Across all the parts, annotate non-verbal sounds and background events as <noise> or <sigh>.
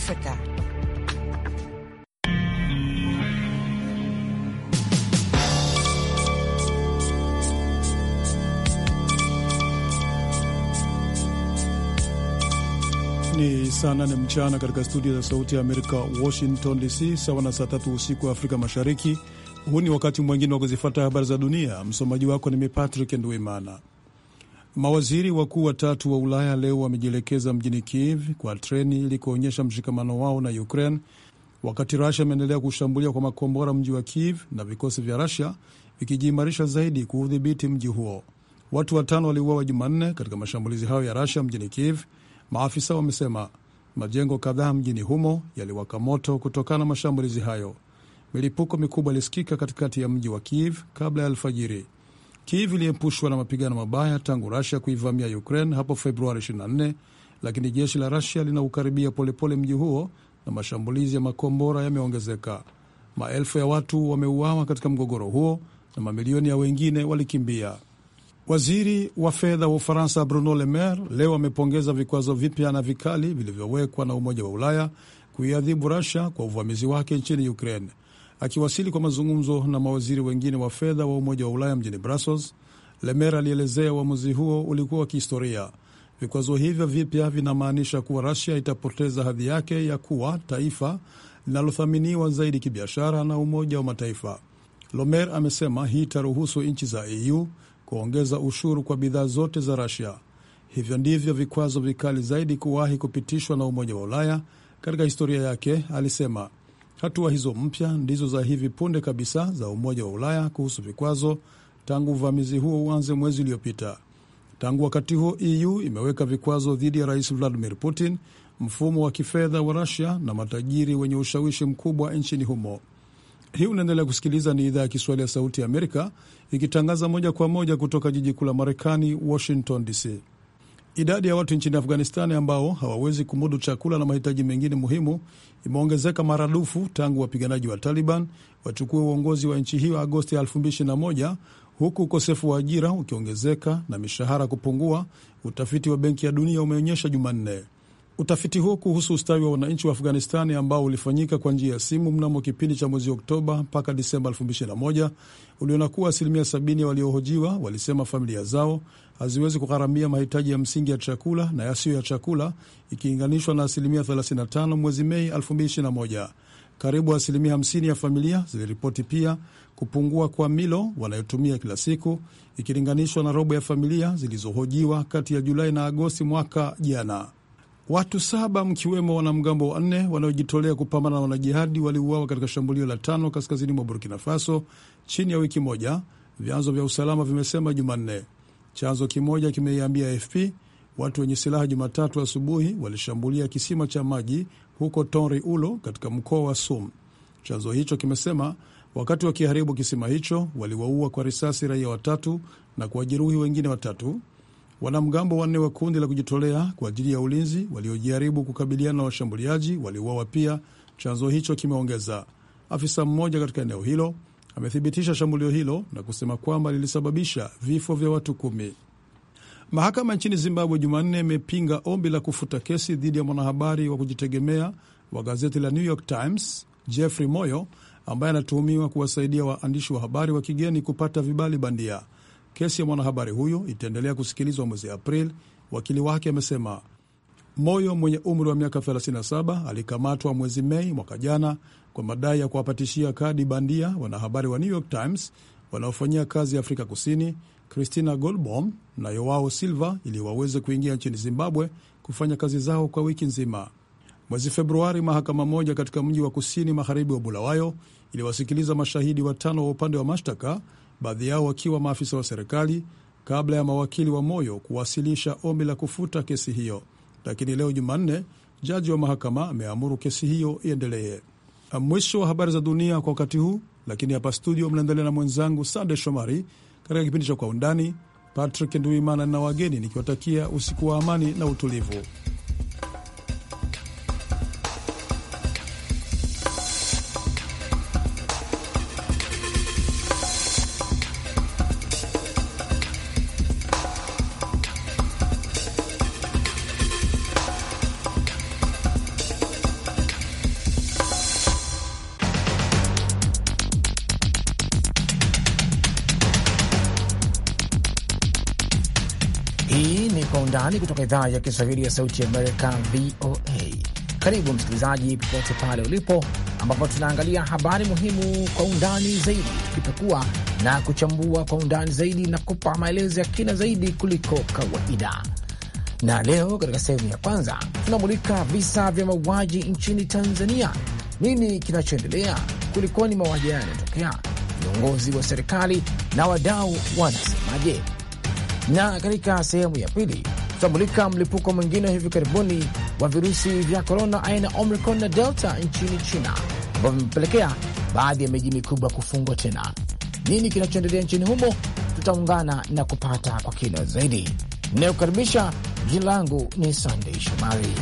Afrika. Ni saa nane mchana katika studio za Sauti ya Amerika, Washington DC, sawa na saa tatu usiku wa Afrika Mashariki. Huu ni wakati mwingine wa kuzifata habari za dunia. Msomaji wako ni mi Patrick Ndwimana. Mawaziri wakuu watatu wa Ulaya leo wamejielekeza mjini Kiev kwa treni ili kuonyesha mshikamano wao na Ukraine, wakati Rusia imeendelea kushambulia kwa makombora mji wa Kiev na vikosi vya Rusia vikijiimarisha zaidi kuudhibiti mji huo. Watu watano waliuawa Jumanne katika mashambulizi hayo ya Rusia mjini Kiev, maafisa wamesema. Majengo kadhaa mjini humo yaliwaka moto kutokana na mashambulizi hayo. Milipuko mikubwa ilisikika katikati ya mji wa Kiev kabla ya alfajiri. Kiev iliepushwa na mapigano mabaya tangu Rusia kuivamia Ukraine hapo Februari 24, lakini jeshi la Rusia linaukaribia polepole mji huo na mashambulizi ya makombora yameongezeka. Maelfu ya watu wameuawa katika mgogoro huo na mamilioni ya wengine walikimbia. Waziri wa fedha wa Ufaransa Bruno Le Maire leo amepongeza vikwazo vipya na vikali vilivyowekwa na Umoja wa Ulaya kuiadhibu Rusia kwa uvamizi wake nchini Ukraine. Akiwasili kwa mazungumzo na mawaziri wengine wa fedha wa Umoja wa Ulaya mjini Brussels, Lemer alielezea uamuzi huo ulikuwa wa kihistoria. Vikwazo hivyo vipya vinamaanisha kuwa Rusia itapoteza hadhi yake ya kuwa taifa linalothaminiwa zaidi kibiashara na Umoja wa Mataifa. Lomer amesema hii itaruhusu nchi za EU kuongeza ushuru kwa bidhaa zote za Rusia. Hivyo ndivyo vikwazo vikali zaidi kuwahi kupitishwa na Umoja wa Ulaya katika historia yake, alisema. Hatua hizo mpya ndizo za hivi punde kabisa za Umoja wa Ulaya kuhusu vikwazo tangu uvamizi huo uanze mwezi uliopita. Tangu wakati huo EU imeweka vikwazo dhidi ya Rais Vladimir Putin, mfumo wa kifedha wa Rusia na matajiri wenye ushawishi mkubwa nchini humo. Hii unaendelea kusikiliza, ni idhaa ya Kiswahili ya Sauti ya Amerika ikitangaza moja kwa moja kutoka jiji kuu la Marekani, Washington DC. Idadi ya watu nchini Afghanistani ambao hawawezi kumudu chakula na mahitaji mengine muhimu imeongezeka maradufu tangu wapiganaji wa Taliban wachukue uongozi wa nchi hiyo Agosti 2021 huku ukosefu wa ajira ukiongezeka na mishahara kupungua, utafiti wa Benki ya Dunia umeonyesha Jumanne. Utafiti huo kuhusu ustawi wa wananchi wa Afghanistani ambao ulifanyika kwa njia ya simu mnamo kipindi cha mwezi Oktoba mpaka Disemba 2021 uliona kuwa asilimia 70 waliohojiwa walisema familia zao haziwezi kugharamia mahitaji ya msingi ya chakula na yasiyo ya chakula ikilinganishwa na asilimia 35 mwezi Mei 2021. Karibu asilimia 50 ya familia ziliripoti pia kupungua kwa milo wanayotumia kila siku ikilinganishwa na robo ya familia zilizohojiwa kati ya Julai na Agosti mwaka jana. Watu saba mkiwemo wanamgambo wanne wanaojitolea kupambana na wanajihadi waliuawa katika shambulio la tano kaskazini mwa Burkina Faso chini ya wiki moja, vyanzo vya usalama vimesema Jumanne. Chanzo kimoja kimeiambia AFP watu wenye silaha Jumatatu asubuhi wa walishambulia kisima cha maji huko Tonri Ulo katika mkoa wa Sum. Chanzo hicho kimesema wakati wakiharibu kisima hicho waliwaua kwa risasi raia watatu na kuwajeruhi wengine watatu. Wanamgambo wanne wa kundi la kujitolea kwa ajili ya ulinzi waliojaribu kukabiliana na washambuliaji waliuawa pia, chanzo hicho kimeongeza. Afisa mmoja katika eneo hilo amethibitisha shambulio hilo na kusema kwamba lilisababisha vifo vya watu kumi. Mahakama nchini Zimbabwe Jumanne imepinga ombi la kufuta kesi dhidi ya mwanahabari wa kujitegemea wa gazeti la New York Times Jeffrey Moyo ambaye anatuhumiwa kuwasaidia waandishi wa habari wa kigeni kupata vibali bandia. Kesi ya mwanahabari huyo itaendelea kusikilizwa mwezi Aprili, wakili wake amesema. Moyo mwenye umri wa miaka 37 alikamatwa mwezi Mei mwaka jana kwa madai ya kuwapatishia kadi bandia wanahabari wa New York Times wanaofanyia kazi Afrika Kusini, Christina Goldbaum na Yoao Silva, ili waweze kuingia nchini Zimbabwe kufanya kazi zao kwa wiki nzima. Mwezi Februari, mahakama moja katika mji wa kusini magharibi wa Bulawayo iliwasikiliza mashahidi watano wa upande wa mashtaka baadhi yao wakiwa maafisa wa serikali, kabla ya mawakili wa Moyo kuwasilisha ombi la kufuta kesi hiyo. Lakini leo Jumanne, jaji wa mahakama ameamuru kesi hiyo iendelee. Mwisho wa habari za dunia kwa wakati huu, lakini hapa studio mnaendelea na mwenzangu Sande Shomari katika kipindi cha Kwa Undani. Patrick Nduimana na wageni nikiwatakia usiku wa amani na utulivu. kutoka idhaa ya Kiswahili ya Sauti ya Amerika, VOA. Karibu msikilizaji, popote pale ulipo, ambapo tunaangalia habari muhimu kwa undani zaidi, tukipekua na kuchambua kwa undani zaidi na kupa maelezo ya kina zaidi kuliko kawaida. Na leo katika sehemu ya kwanza tunamulika visa vya mauaji nchini Tanzania. Nini kinachoendelea? Kulikoni mauaji haya yanatokea? Viongozi wa serikali na wadau wanasemaje? Na katika sehemu ya pili tamulika mlipuko mwingine hivi karibuni wa virusi vya korona aina Omicron na Delta nchini China, ambavyo vimepelekea baadhi ya miji mikubwa kufungwa tena. Nini kinachoendelea nchini humo? Tutaungana na kupata kwa kina zaidi. Inayokaribisha, jina langu ni Sandei Shomari.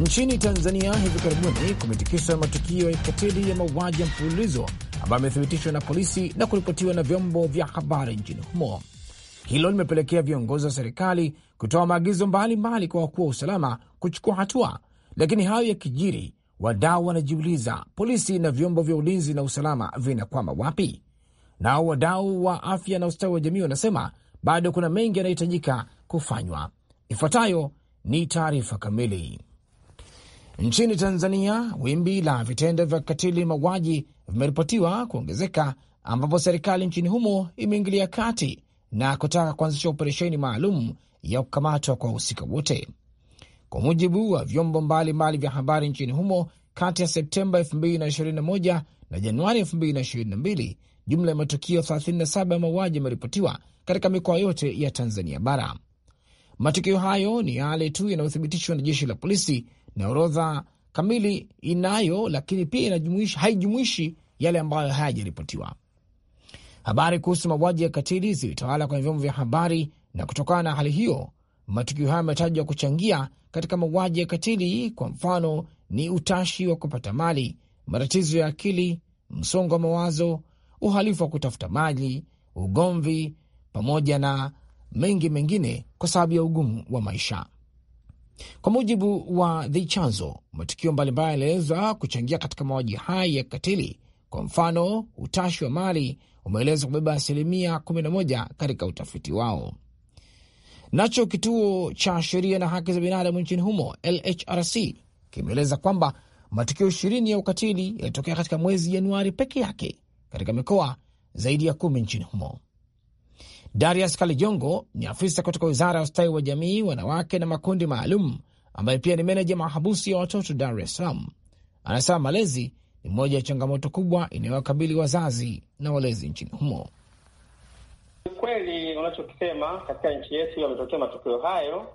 Nchini Tanzania hivi karibuni kumetikiswa matukio ya kikatili ya mauaji ya mfululizo ambayo amethibitishwa na polisi na kuripotiwa na vyombo vya habari nchini humo. Hilo limepelekea viongozi wa serikali kutoa maagizo mbalimbali kwa wakuu wa usalama kuchukua hatua. Lakini hayo ya kijiri wadau wanajiuliza, polisi na vyombo vya ulinzi na usalama vinakwama wapi? Nao wadau wa afya na ustawi wa jamii wanasema bado kuna mengi yanayohitajika kufanywa. Ifuatayo ni taarifa kamili. Nchini Tanzania, wimbi la vitendo vya kikatili, mauaji vimeripotiwa kuongezeka, ambapo serikali nchini humo imeingilia kati na kutaka kuanzisha operesheni maalum ya kukamatwa kwa wahusika wote. Kwa mujibu wa vyombo mbalimbali vya habari nchini humo, kati ya Septemba 2021 na Januari 2022 jumla ya matukio 37 ya mauaji yameripotiwa katika mikoa yote ya Tanzania bara. Matukio hayo ni yale tu yanayothibitishwa na jeshi la polisi na orodha kamili inayo, lakini pia inajumuisha, haijumuishi yale ambayo hayajaripotiwa. Habari kuhusu mauaji ya katili zilitawala kwenye vyombo vya habari, na kutokana na hali hiyo, matukio hayo yametajwa kuchangia katika mauaji ya katili. Kwa mfano ni utashi wa kupata mali, matatizo ya akili, msongo wa mawazo, uhalifu wa kutafuta mali, ugomvi, pamoja na mengi mengine, kwa sababu ya ugumu wa maisha. Kwa mujibu wa The Chanzo, matukio mbalimbali yanaelezwa kuchangia katika mauaji haya ya kikatili. Kwa mfano, utashi wa mali umeelezwa kubeba asilimia 11 katika utafiti wao. Nacho kituo cha sheria na haki za binadamu nchini humo LHRC kimeeleza kwamba matukio ishirini ya ukatili yalitokea katika mwezi Januari peke yake katika mikoa zaidi ya kumi nchini humo. Darius Kalijongo ni afisa kutoka wizara ya ustawi wa jamii, wanawake na makundi maalum, ambaye pia ni meneja mahabusi ya watoto Dar es Salaam. Anasema malezi ni moja ya changamoto kubwa inayowakabili wazazi na walezi nchini humo. Kweli unachokisema, katika nchi yetu yametokea matukio hayo,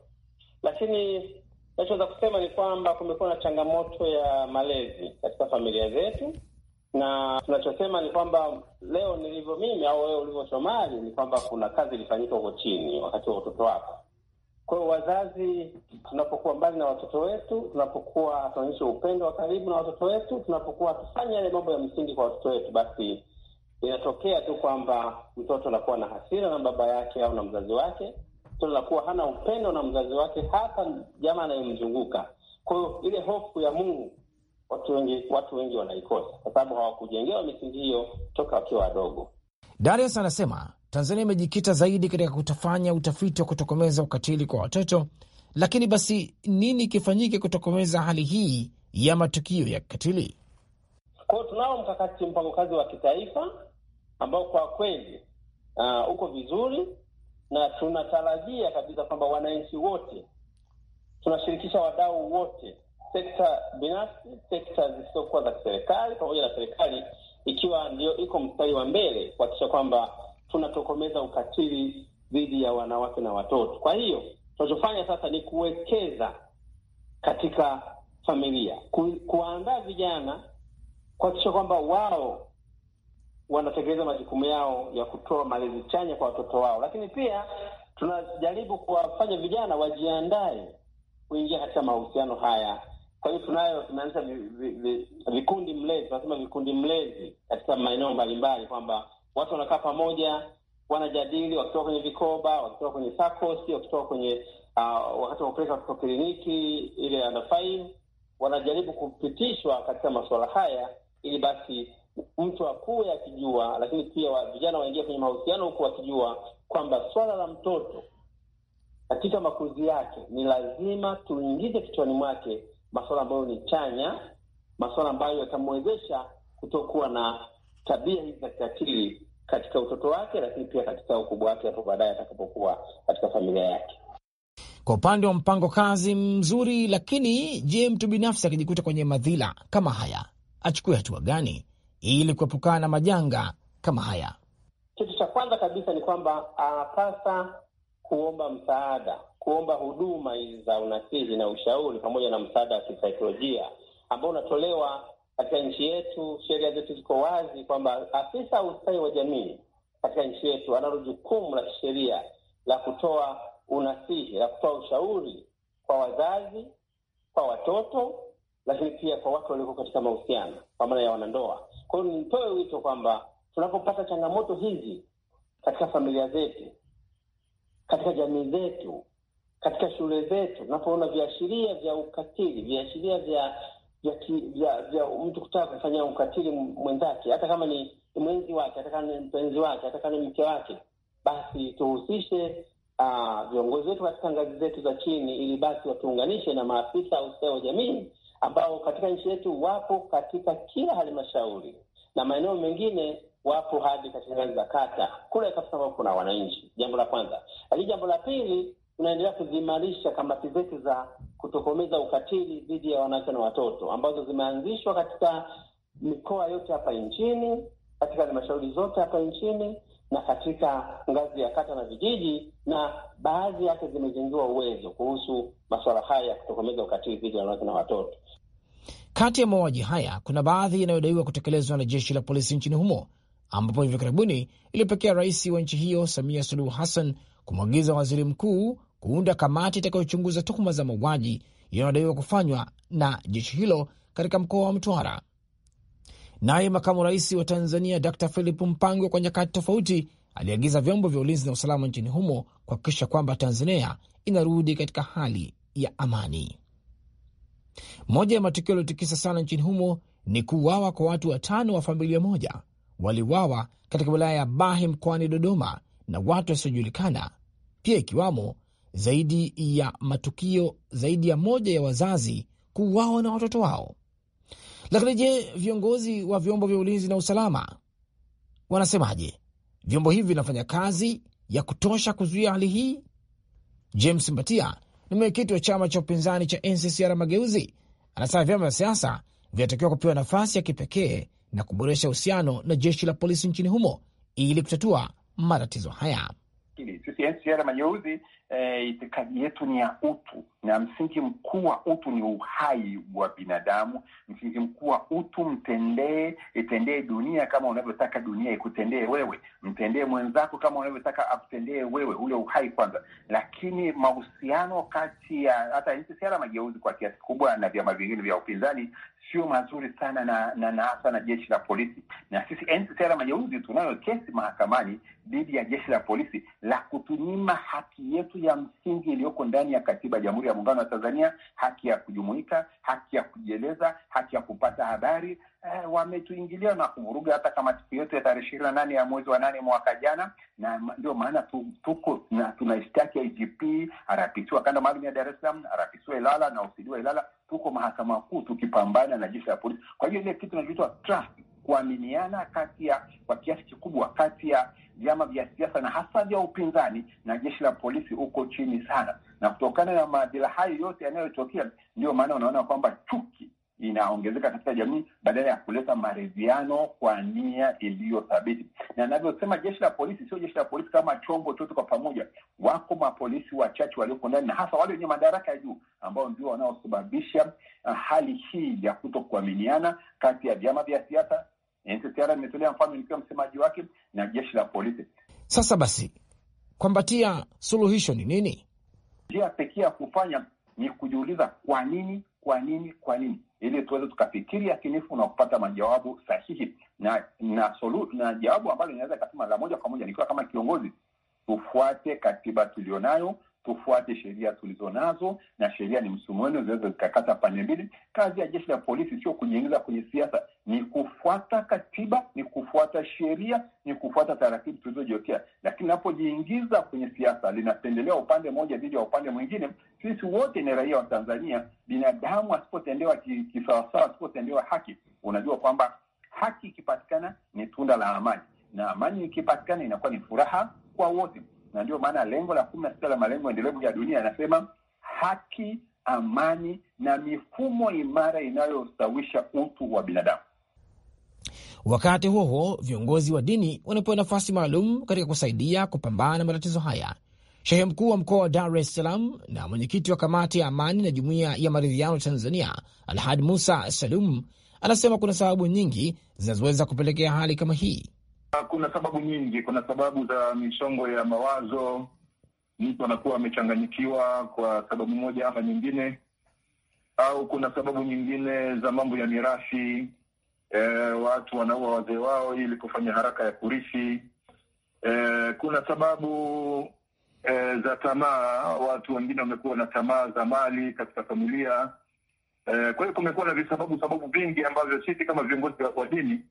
lakini nachoweza kusema ni kwamba kumekuwa na changamoto ya malezi katika familia zetu na tunachosema ni kwamba leo nilivyo mimi au wewe ulivyo Somali ni kwamba kuna kazi ilifanyika huko chini wakati wa watoto wako. Kwa hiyo wazazi, tunapokuwa mbali na watoto wetu, tunapokuwa tunaonyesha upendo wa karibu na watoto wetu, tunapokuwa tufanya yale mambo ya msingi kwa watoto wetu, basi inatokea tu kwamba mtoto anakuwa na hasira na baba yake au na mzazi wake. Mtoto anakuwa hana upendo na mzazi wake, hata jamaa anayemzunguka. Kwa hiyo ile hofu ya Mungu watu wengi watu wengi wanaikosa kwa sababu hawakujengewa misingi hiyo toka wakiwa wadogo. Darius anasema Tanzania imejikita zaidi katika kutafanya utafiti wa kutokomeza ukatili kwa watoto, lakini basi nini kifanyike kutokomeza hali hii ya matukio ya kikatili? Kwao tunao mkakati mpango kazi wa kitaifa ambao kwa kweli uh, uko vizuri na tunatarajia kabisa kwamba wananchi wote tunashirikisha wadau wote sekta binafsi, sekta zisizokuwa za serikali, pamoja na serikali ikiwa ndio iko mstari wa mbele kuhakikisha kwamba tunatokomeza ukatili dhidi ya wanawake na watoto. Kwa hiyo tunachofanya sasa ni kuwekeza katika familia, ku, kuandaa vijana kuhakikisha kwamba wao wanatekeleza majukumu yao ya kutoa malezi chanya kwa watoto wao, lakini pia tunajaribu kuwafanya vijana wajiandae kuingia katika mahusiano haya kwa hiyo tunayo tunaanisha vikundi mlezi, tunasema vikundi mlezi katika maeneo mbalimbali, kwamba watu wanakaa pamoja, wanajadili wakitoka kwenye vikoba, wakitoka kwenye sakosi, wakitoka kwenye uh, wakati wa kupeleka watoto kliniki ile under five, wanajaribu kupitishwa katika masuala haya, ili basi mtu akuwe akijua, lakini pia vijana waingia kwenye mahusiano huku wakijua kwamba swala la mtoto katika makuzi yake ni lazima tuingize kichwani mwake masuala ambayo ni chanya, masuala ambayo yatamwezesha kutokuwa na tabia hizi za kikatili katika utoto wake, lakini pia katika ukubwa wake hapo baadaye atakapokuwa katika familia yake. Kwa upande wa mpango kazi mzuri, lakini je, mtu binafsi akijikuta kwenye madhila kama haya achukue hatua gani ili kuepukana na majanga kama haya? Kitu cha kwanza kabisa ni kwamba anapasa ah, kuomba msaada, kuomba huduma hizi za unasihi na ushauri pamoja na msaada wa kisaikolojia ambao unatolewa katika nchi yetu. Sheria zetu ziko wazi kwamba afisa ustawi wa jamii katika nchi yetu analo jukumu la kisheria la kutoa unasihi, la kutoa ushauri kwa wazazi, kwa watoto, lakini pia kwa watu walioko katika mahusiano, kwa maana ya wanandoa. Kwa hiyo nitoe wito kwamba tunapopata changamoto hizi katika familia zetu katika jamii zetu, katika shule zetu, tunapoona viashiria vya ukatili, viashiria vya vya, vya, vya mtu kutaka kufanya ukatili mwenzake, hata kama ni mwenzi wake, hata kama ni mpenzi wake, hata kama ni mke wake, basi tuhusishe ah, viongozi wetu katika ngazi zetu za chini, ili basi watuunganishe na maafisa au ustawi wa jamii ambao katika nchi yetu wapo katika kila halmashauri na maeneo mengine wapo hadi katika ngazi za kata kule kabisa, ambao kuna wananchi. Jambo la kwanza. Lakini jambo la pili, tunaendelea kuzimarisha kamati zetu za kutokomeza ukatili dhidi ya wanawake na watoto ambazo zimeanzishwa katika mikoa yote hapa nchini, katika halmashauri zote hapa nchini na katika ngazi ya kata na vijiji, na baadhi yake zimejengewa uwezo kuhusu masuala haya ya kutokomeza ukatili dhidi ya wanawake na watoto. Kati ya mauaji haya kuna baadhi yanayodaiwa kutekelezwa na jeshi la polisi nchini humo ambapo hivi karibuni ilipelekea rais wa nchi hiyo Samia Suluhu Hassan kumwagiza waziri mkuu kuunda kamati itakayochunguza tuhuma za mauaji yanayodaiwa kufanywa na jeshi hilo katika mkoa wa Mtwara. Naye makamu rais wa Tanzania Dr Philip Mpango kwa nyakati tofauti aliagiza vyombo vya ulinzi na usalama nchini humo kuhakikisha kwamba Tanzania inarudi katika hali ya amani. Moja ya matukio yaliyotikisa sana nchini humo ni kuuawa kwa watu watano wa familia moja waliwawa katika wilaya ya Bahi mkoani Dodoma na watu wasiojulikana, pia ikiwamo zaidi ya matukio zaidi ya moja ya wazazi kuuawa na watoto wao. Lakini je, viongozi wa vyombo vya ulinzi na usalama wanasemaje? Vyombo hivi vinafanya kazi ya kutosha kuzuia hali hii? James Mbatia ni mwenyekiti wa chama cha upinzani cha NCCR Mageuzi, anasema vyama vya siasa vinatakiwa kupewa nafasi ya kipekee na kuboresha uhusiano na jeshi la polisi nchini humo ili kutatua matatizo haya. NCR Mageuzi eh, itikadi yetu ni ya utu, na msingi mkuu wa utu ni uhai wa binadamu. Msingi mkuu wa utu, mtendee itendee dunia kama unavyotaka dunia ikutendee wewe, mtendee mwenzako kama unavyotaka akutendee wewe, ule uhai kwanza. Lakini mahusiano kati ya hata NCR Mageuzi kwa kiasi kubwa na vyama vingine vya upinzani sio mazuri sana na na na hasa na, jeshi la polisi. Na sisi NCR Mageuzi tunayo kesi mahakamani dhidi ya jeshi la polisi la kutu kunyima haki yetu ya msingi iliyoko ndani ya katiba ya Jamhuri ya Muungano wa Tanzania, haki ya kujumuika, haki ya kujieleza, haki ya kupata habari. Eh, wametuingilia na kuvuruga hata kama siku yetu ya tarehe ishirini na nane ya mwezi wa nane mwaka jana, na ndio maana tu, tuko na tunaishtaki IGP, RPC wa kanda maalum ya Dar es Salaam, RPC wa Ilala na OCD wa Ilala, tuko mahakama kuu tukipambana na jeshi la polisi. Kwa hiyo ile kitu inachoitwa traffic kuaminiana kati ya kwa kiasi kikubwa kati ya vyama vya siasa na hasa vya upinzani na jeshi la polisi uko chini sana, na kutokana na maadila hayo yote yanayotokea, ndiyo maana unaona kwamba chuki inaongezeka katika jamii badala ya kuleta maridhiano kwa nia iliyo thabiti Na anavyosema jeshi la polisi sio jeshi la polisi kama chombo chote kwa pamoja, wako mapolisi wachache walioko ndani na hasa wale wenye madaraka ya juu ambao ndio wanaosababisha ah, hali hii ya kuto kuaminiana kati ya vyama vya siasa NCCR imetolea mfano nikiwa msemaji wake na jeshi la polisi. Sasa basi, kwambatia suluhisho ni nini? Njia pekee ya kufanya ni kujiuliza kwa nini, kwa nini, kwa nini, ili tuweze tukafikiri yakinifu na kupata majawabu sahihi na na, solu, na jawabu ambalo inaweza ikasema la moja kwa moja, nikiwa kama kiongozi tufuate katiba tulionayo tufuate sheria tulizo nazo na sheria ni msumeno, zinaweza zikakata pande mbili. Kazi ya jeshi la polisi sio kujiingiza kwenye siasa, ni kufuata katiba, ni kufuata sheria, ni kufuata taratibu tulizojiwekea. Lakini linapojiingiza kwenye siasa, linapendelea upande mmoja dhidi ya upande mwingine. Sisi wote ni raia wa Tanzania. Binadamu asipotendewa kisawasawa, asipotendewa haki, unajua kwamba haki ikipatikana ni tunda la amani, na amani ikipatikana inakuwa ni furaha kwa wote na ndio maana lengo la kumi na sita la malengo endelevu ya dunia yanasema haki, amani na mifumo imara inayostawisha utu wa binadamu. Wakati huo huo, viongozi wa dini wanapewa nafasi maalum katika kusaidia kupambana na matatizo haya. Shehe mkuu wa mkoa wa Dar es Salaam na mwenyekiti wa kamati ya amani na jumuiya ya maridhiano Tanzania, Alhad Musa Salum, anasema kuna sababu nyingi zinazoweza kupelekea hali kama hii Ah, kuna sababu nyingi. Kuna sababu za misongo ya mawazo, mtu anakuwa amechanganyikiwa kwa sababu moja ama nyingine, au kuna sababu nyingine za mambo ya mirathi. E, watu wanaua wazee wao ili kufanya haraka ya kurithi. E, kuna sababu e, za tamaa. Watu wengine wamekuwa na tamaa za mali katika familia. E, kwa hiyo kumekuwa na visababu sababu vingi ambavyo sisi kama viongozi wa dini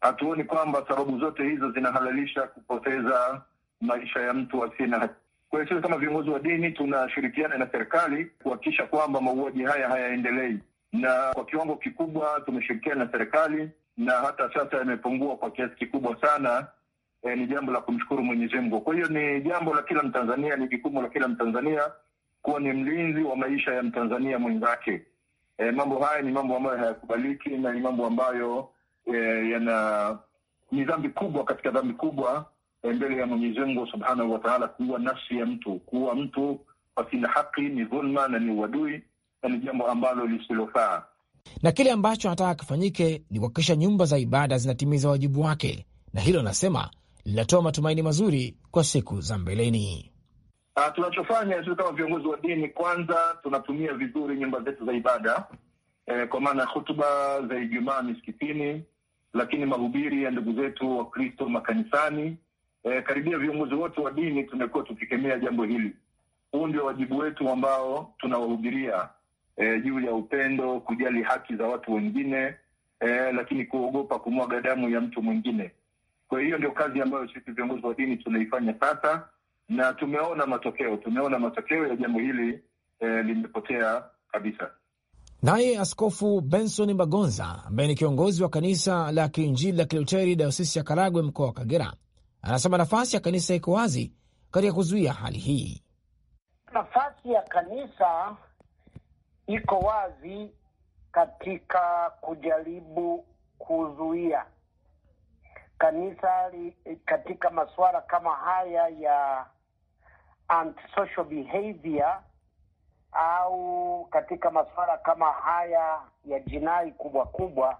hatuoni kwamba sababu zote hizo zinahalalisha kupoteza maisha ya mtu asiye na haki. Kwa hiyo sisi kama viongozi wa dini tunashirikiana na serikali kuhakikisha kwamba mauaji haya hayaendelei, na kwa kiwango kikubwa tumeshirikiana na serikali na hata sasa yamepungua kwa kiasi kikubwa sana. E, ni jambo la kumshukuru Mwenyezi Mungu. Kwa hiyo ni jambo la kila Mtanzania, ni jukumu la kila Mtanzania kuwa ni mlinzi wa maisha ya Mtanzania mwenzake. E, mambo haya ni mambo ambayo hayakubaliki na ni mambo ambayo Eh, yana ni dhambi kubwa katika dhambi kubwa eh, mbele ya Mwenyezi Mungu Subhanahu wa Ta'ala, kuua nafsi ya mtu, kuua mtu pasina haki ni dhulma na ni uadui na ni jambo ambalo lisilofaa. Na kile ambacho anataka kifanyike ni kuhakikisha nyumba za ibada zinatimiza wajibu wake, na hilo anasema linatoa matumaini mazuri kwa siku za mbeleni. Ah, tunachofanya sisi kama viongozi wa dini, kwanza tunatumia vizuri nyumba zetu za ibada e, kwa maana ya hutuba za Ijumaa misikitini lakini mahubiri ya ndugu zetu wa Kristo makanisani, e, karibia viongozi wote wa dini tumekuwa tukikemea jambo hili. Huu ndio wajibu wetu ambao tunawahubiria e, juu ya upendo, kujali haki za watu wengine e, lakini kuogopa kumwaga damu ya mtu mwingine. Kwa hiyo ndio kazi ambayo sisi viongozi wa dini tunaifanya sasa, na tumeona matokeo, tumeona matokeo ya jambo hili e, limepotea kabisa. Naye Askofu Benson Bagonza, ambaye ni kiongozi wa kanisa la Kiinjili la Kiluteri dayosisi ya Karagwe, mkoa wa Kagera, anasema nafasi ya kanisa iko wazi katika kuzuia hali hii. Nafasi ya kanisa iko wazi katika kujaribu kuzuia kanisa katika masuala kama haya ya antisocial behavior au katika masuala kama haya ya jinai kubwa kubwa,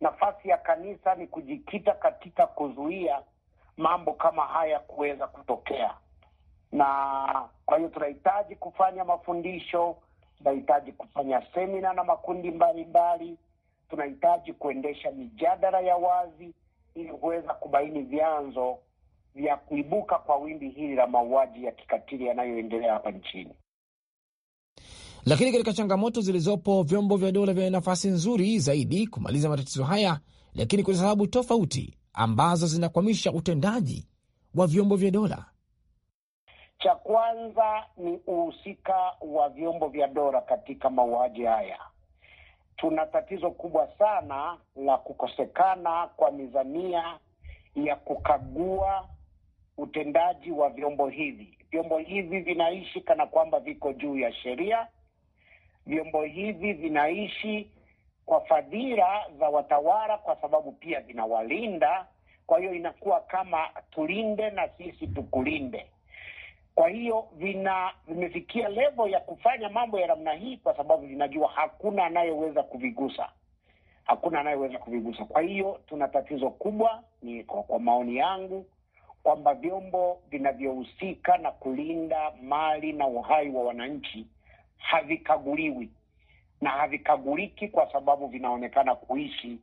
nafasi ya kanisa ni kujikita katika kuzuia mambo kama haya kuweza kutokea. Na kwa hiyo tunahitaji kufanya mafundisho, tunahitaji kufanya semina na makundi mbalimbali, tunahitaji kuendesha mijadala ya wazi ili kuweza kubaini vyanzo vya kuibuka kwa wimbi hili la mauaji ya kikatili yanayoendelea hapa nchini. Lakini katika changamoto zilizopo, vyombo vya dola vyenye nafasi nzuri zaidi kumaliza matatizo haya, lakini kwa sababu tofauti ambazo zinakwamisha utendaji wa vyombo vya dola. Cha kwanza ni uhusika wa vyombo vya dola katika mauaji haya. Tuna tatizo kubwa sana la kukosekana kwa mizania ya kukagua utendaji wa vyombo hivi. Vyombo hivi vinaishi kana kwamba viko juu ya sheria, vyombo hivi vinaishi kwa fadhila za watawala, kwa sababu pia vinawalinda. Kwa hiyo inakuwa kama tulinde na sisi tukulinde. Kwa hiyo vina vimefikia levo ya kufanya mambo ya namna hii, kwa sababu vinajua hakuna anayeweza kuvigusa, hakuna anayeweza kuvigusa. Kwa hiyo tuna tatizo kubwa, ni kwa, kwa maoni yangu kwamba vyombo vinavyohusika na kulinda mali na uhai wa wananchi havikaguliwi na havikaguliki kwa sababu vinaonekana kuishi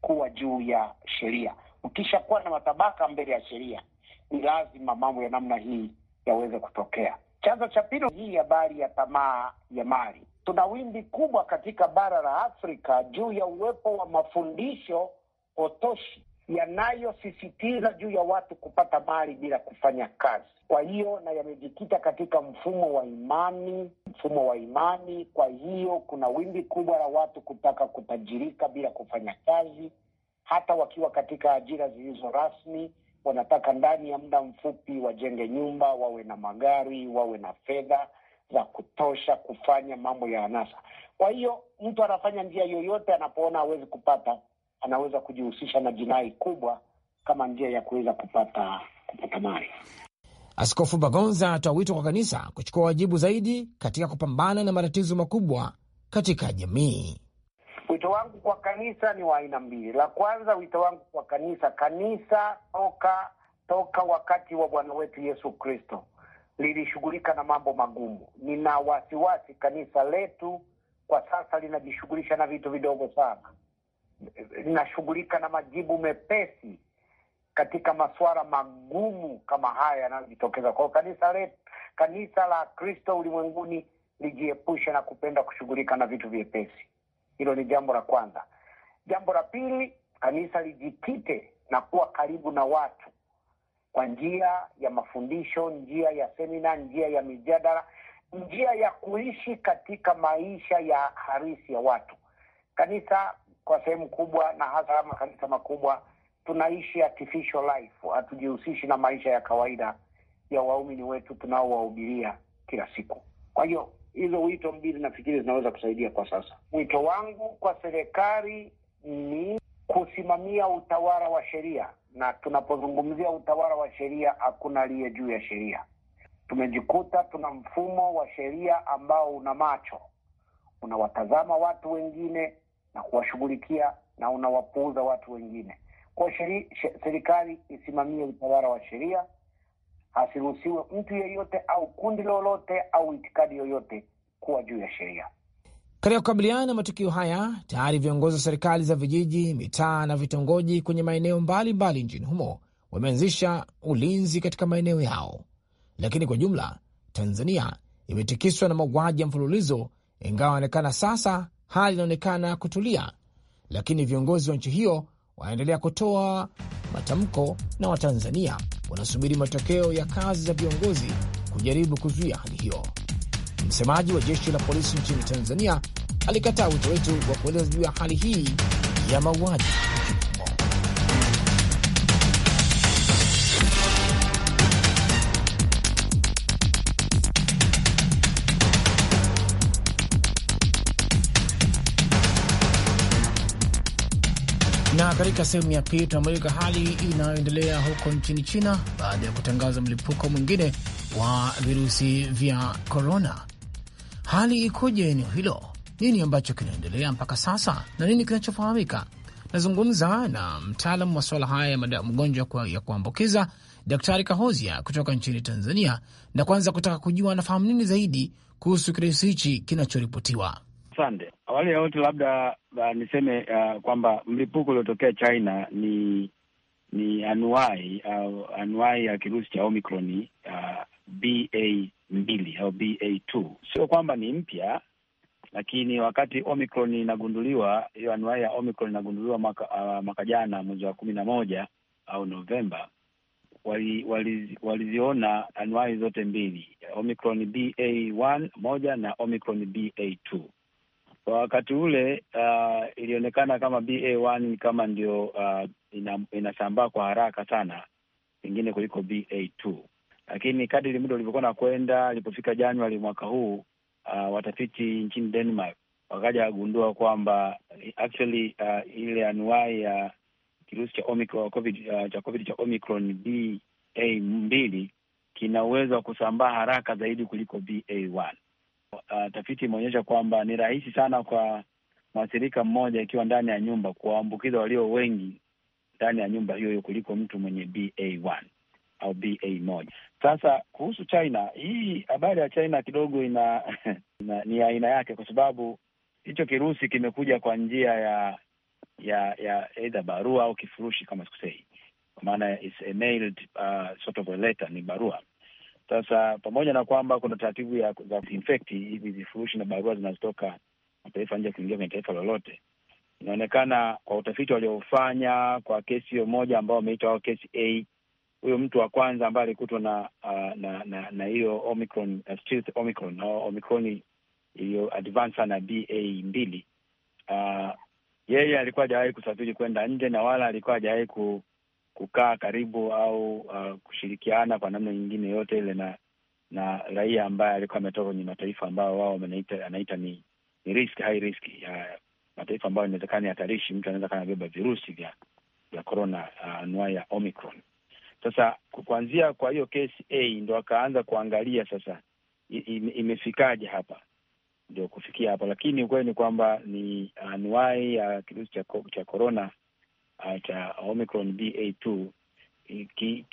kuwa juu ya sheria. Ukishakuwa na matabaka mbele ya sheria, ni lazima mambo ya namna hii yaweze kutokea. Chanzo cha pili, hii habari ya tamaa ya mali. Tuna wimbi kubwa katika bara la Afrika juu ya uwepo wa mafundisho potoshi yanayosisitiza juu ya watu kupata mali bila kufanya kazi. Kwa hiyo na yamejikita katika mfumo wa imani, mfumo wa imani. Kwa hiyo kuna wimbi kubwa la watu kutaka kutajirika bila kufanya kazi, hata wakiwa katika ajira zilizo rasmi wanataka ndani ya muda mfupi wajenge nyumba, wawe na magari, wawe na fedha za kutosha kufanya mambo ya anasa. Kwa hiyo mtu anafanya njia yoyote anapoona hawezi kupata anaweza kujihusisha na jinai kubwa kama njia ya kuweza kupata kupata mali. Askofu Bagonza atoa wito kwa kanisa kuchukua wajibu zaidi katika kupambana na matatizo makubwa katika jamii. Wito wangu kwa kanisa ni wa aina mbili. La kwanza, wito wangu kwa kanisa, kanisa toka toka wakati wa Bwana wetu Yesu Kristo lilishughulika na mambo magumu. Nina wasiwasi kanisa letu kwa sasa linajishughulisha na vitu vidogo sana linashughulika na majibu mepesi katika masuala magumu kama haya yanayojitokeza. Kwa kanisa letu, kanisa la Kristo ulimwenguni lijiepushe na kupenda kushughulika na vitu vyepesi. Hilo ni jambo la kwanza. Jambo la pili, kanisa lijikite na kuwa karibu na watu kwa njia ya mafundisho, njia ya semina, njia ya mijadala, njia ya kuishi katika maisha ya harisi ya watu. Kanisa kwa sehemu kubwa, na hasa makanisa makubwa, tunaishi artificial life, hatujihusishi na maisha ya kawaida ya waumini wetu tunaowahubiria kila siku. Kwa hiyo hizo wito mbili nafikiri zinaweza kusaidia kwa sasa. Wito wangu kwa serikali ni kusimamia utawala wa sheria, na tunapozungumzia utawala wa sheria hakuna aliye juu ya sheria. Tumejikuta tuna mfumo wa sheria ambao una macho, unawatazama watu wengine na kuwashughulikia na unawapuuza watu wengine. Kwa serikali isimamie utawala wa sheria, asiruhusiwe mtu yeyote au kundi lolote au itikadi yoyote kuwa juu ya sheria. Katika kukabiliana na matukio haya, tayari viongozi wa serikali za vijiji, mitaa na vitongoji kwenye maeneo mbalimbali nchini humo wameanzisha ulinzi katika maeneo yao, lakini kwa jumla Tanzania imetikiswa na mauaji ya mfululizo, ingawa inaonekana sasa hali inaonekana kutulia, lakini viongozi wa nchi hiyo wanaendelea kutoa matamko na Watanzania wanasubiri matokeo ya kazi za viongozi kujaribu kuzuia hali hiyo. Msemaji wa jeshi la polisi nchini Tanzania alikataa wito wetu wa kueleza juu ya hali hii ya mauaji. Na katika sehemu ya pili tunamulika hali inayoendelea huko nchini China baada ya kutangaza mlipuko mwingine wa virusi vya korona. Hali ikoje eneo hilo? Nini ambacho kinaendelea mpaka sasa na nini kinachofahamika? Nazungumza na mtaalamu wa swala haya ya mgonjwa kwa ya kuambukiza Daktari Kahozia kutoka nchini Tanzania, na kwanza kutaka kujua anafahamu nini zaidi kuhusu kirusi hichi kinachoripotiwa. Asante. Awali ya yote, labda uh, niseme uh, kwamba mlipuko uliotokea China ni ni anuai au uh, anuai ya kirusi cha Omicron uh, BA mbili au BA two. Sio kwamba ni mpya, lakini wakati Omicron inagunduliwa, hiyo anuai ya Omicron inagunduliwa mwaka, uh, mwaka jana mwezi wa kumi na moja au Novemba waliziona wali, wali anuai zote mbili Omicron BA one moja na Omicron BA two kwa wakati ule uh, ilionekana kama BA1 kama ndio uh, ina, inasambaa kwa haraka sana pengine kuliko BA2, lakini kadiri muda ulivyokuwa na kwenda, ilipofika Januari mwaka huu uh, watafiti nchini Denmark wakaja wagundua kwamba eh, actually uh, ile anuai ya uh, kirusi cha Omicron, COVID, uh, cha COVID cha Omicron BA mbili kina uwezo wa kusambaa haraka zaidi kuliko BA1. Uh, tafiti imeonyesha kwamba ni rahisi sana kwa mwathirika mmoja ikiwa ndani ya nyumba kuwaambukiza walio wengi ndani ya nyumba hiyo hiyo kuliko mtu mwenye BA1 au ba moja. Sasa kuhusu China, hii habari ya China kidogo ina, <laughs> ina ni aina yake, kwa sababu hicho kirusi kimekuja kwa njia ya ya ya either barua au kifurushi, kama sikusehi, kwa maana a mailed, uh, sort of a letter, ni barua sasa pamoja na kwamba kuna taratibu ya za kuinfekti hivi vifurushi na barua zinazotoka mataifa nje kuingia kwenye taifa lolote, inaonekana kwa utafiti waliofanya kwa kesi hiyo moja ambao wameita wao kesi A, huyo mtu wa kwanza ambaye alikutwa na uh, na na na hiyo Omicron uh, Omicron au Omicron iliyo advance sana BA mbili, uh, yeye alikuwa hajawahi kusafiri kwenda nje na wala alikuwa hajawahi ku kukaa karibu au uh, kushirikiana kwa namna nyingine yote ile na na raia ambaye alikuwa ametoka kwenye mataifa ambayo wao anaita ni, ni risk, high risk ya mataifa ambayo inawezekana hatarishi, mtu anaweza kana beba virusi vya vya corona anuai uh, ya Omicron. Sasa kuanzia kwa hiyo kesi A ndo akaanza kuangalia sasa imefikaje hapa ndio kufikia hapa, lakini ukweli ni kwamba ni uh, anuai ya kirusi cha korona cha uh, Omicron BA2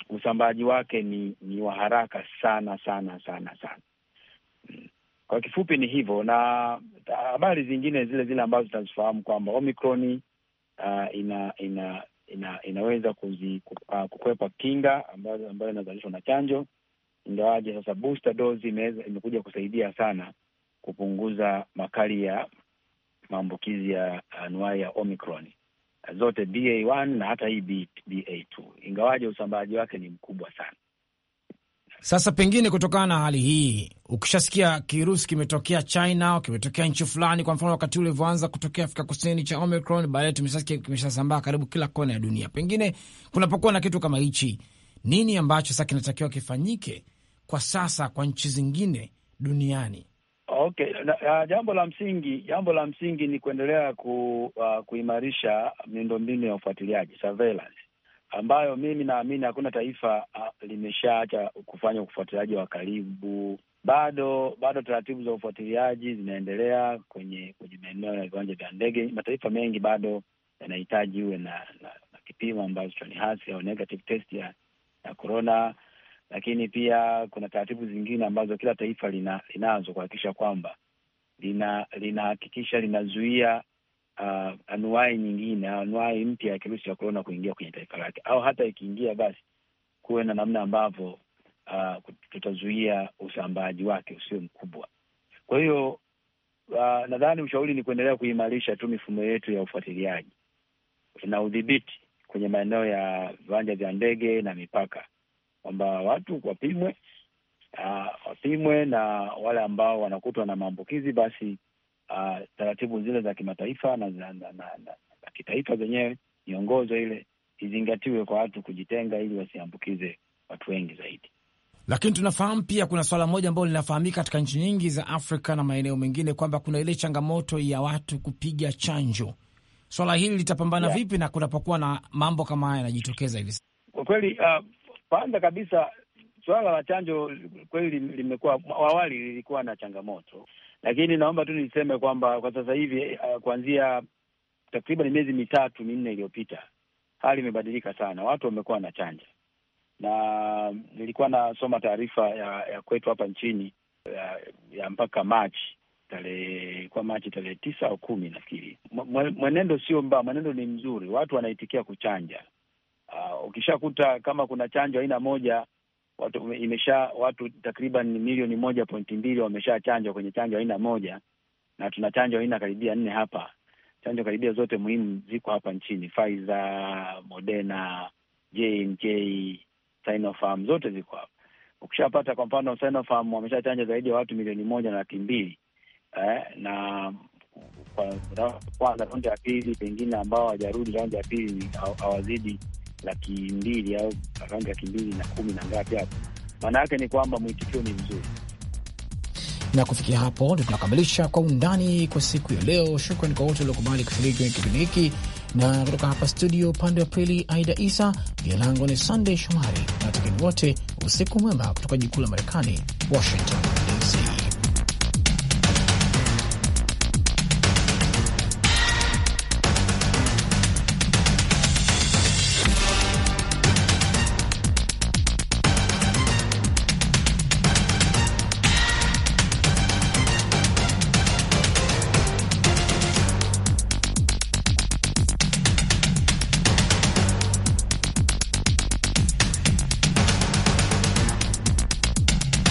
usambaaji wake ni, ni wa haraka sana sana sana sana. Mm. Kwa kifupi ni hivyo, na uh, habari zingine zile zile ambazo tunazifahamu kwamba Omicron uh, ina, ina ina inaweza kuzi, uh, kukwepa kinga ambayo, ambayo inazalishwa na chanjo, ingawaje sasa booster dose imekuja kusaidia sana kupunguza makali ya maambukizi ya anuai ya Omicron zote BA1 na hata hii BA2, ingawaje usambaaji wake ni mkubwa sana. Sasa pengine kutokana na hali hii, ukishasikia kirusi kimetokea China kimetokea nchi fulani, kwa mfano wakati ulivyoanza kutokea Afrika Kusini cha Omicron, baadaye tumeshasikia kimeshasambaa karibu kila kona ya dunia. Pengine kunapokuwa na kitu kama hichi, nini ambacho sasa kinatakiwa kifanyike kwa sasa kwa nchi zingine duniani Okay, na, ya, jambo la msingi jambo la msingi ni kuendelea ku, uh, kuimarisha miundombinu ya ufuatiliaji surveillance, ambayo mimi naamini hakuna taifa uh, limeshaacha kufanya ufuatiliaji wa karibu. Bado bado taratibu za ufuatiliaji zinaendelea kwenye kwenye maeneo ya viwanja vya ndege. Mataifa mengi bado yanahitaji uwe na, na, na kipimo ambacho ni hasi au negative test ya, ya corona lakini pia kuna taratibu zingine ambazo kila taifa lina, linazo kuhakikisha kwamba linahakikisha lina linazuia uh, anuai nyingine anuai mpya ya kirusi cha korona kuingia kwenye taifa lake, au hata ikiingia basi kuwe na namna ambavyo uh, tutazuia usambaaji wake usio mkubwa. Kwa hiyo uh, nadhani ushauri ni kuendelea kuimarisha tu mifumo yetu ya ufuatiliaji na udhibiti kwenye maeneo ya viwanja vya ndege na mipaka kwamba watu wapimwe, uh, wapimwe na wale ambao wanakutwa na maambukizi basi uh, taratibu zile za kimataifa na za kitaifa zenyewe, miongozo ile izingatiwe kwa watu kujitenga, ili wasiambukize watu wengi zaidi. Lakini tunafahamu pia kuna swala moja ambalo linafahamika katika nchi nyingi za Afrika na maeneo mengine kwamba kuna ile changamoto ya watu kupiga chanjo. Swala hili litapambana yeah, vipi na kunapokuwa na mambo kama haya yanajitokeza hivi? Kwa kweli uh, kwanza kabisa suala la chanjo kweli limekuwa, awali lilikuwa na changamoto, lakini naomba tu niseme kwamba kwa sasa hivi uh, kuanzia takriban miezi mitatu minne iliyopita hali imebadilika sana, watu wamekuwa na chanja, na nilikuwa nasoma taarifa ya, ya kwetu hapa nchini ya, ya mpaka Machi kwa Machi tarehe tisa au kumi nafikiri, mwenendo sio mbaya, mwenendo ni mzuri, watu wanaitikia kuchanja Uh, ukishakuta kama kuna chanjo aina moja watu imesha watu takriban milioni moja pointi mbili wameshachanjwa kwenye chanjo aina moja, na tuna chanjo aina karibia nne hapa. Chanjo karibia zote muhimu ziko hapa nchini, Pfizer, Moderna, J&J, Sinopharm, zote ziko hapa. Ukishapata kwa mfano Sinopharm wameshachanja zaidi ya watu milioni moja na laki mbili eh, na kwanza raundi ya pili pengine ambao hawajarudi raundi ya pili hawazidi laki mbili au around laki mbili na kumi na ngapi hapo. Maana yake ni kwamba mwitikio ni mzuri na kufikia hapo ndio tunakamilisha Kwa Undani kwa siku ya leo. Shukran kwa wote waliokubali kushiriki kwenye kipindi hiki, na kutoka hapa studio, upande wa pili Aida Isa, jina langu ni Sandey Shomari na tukini wote, usiku mwema kutoka jikuu la Marekani, Washington DC.